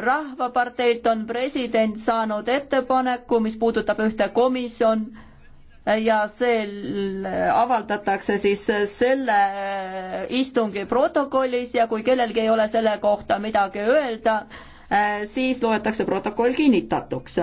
rahvaparteilt on president saanud ettepaneku, mis puudutab ühte komisjon ja see avaldatakse siis selle istungi protokollis ja kui kellelgi ei ole selle kohta midagi öelda, siis loetakse protokoll kinnitatuks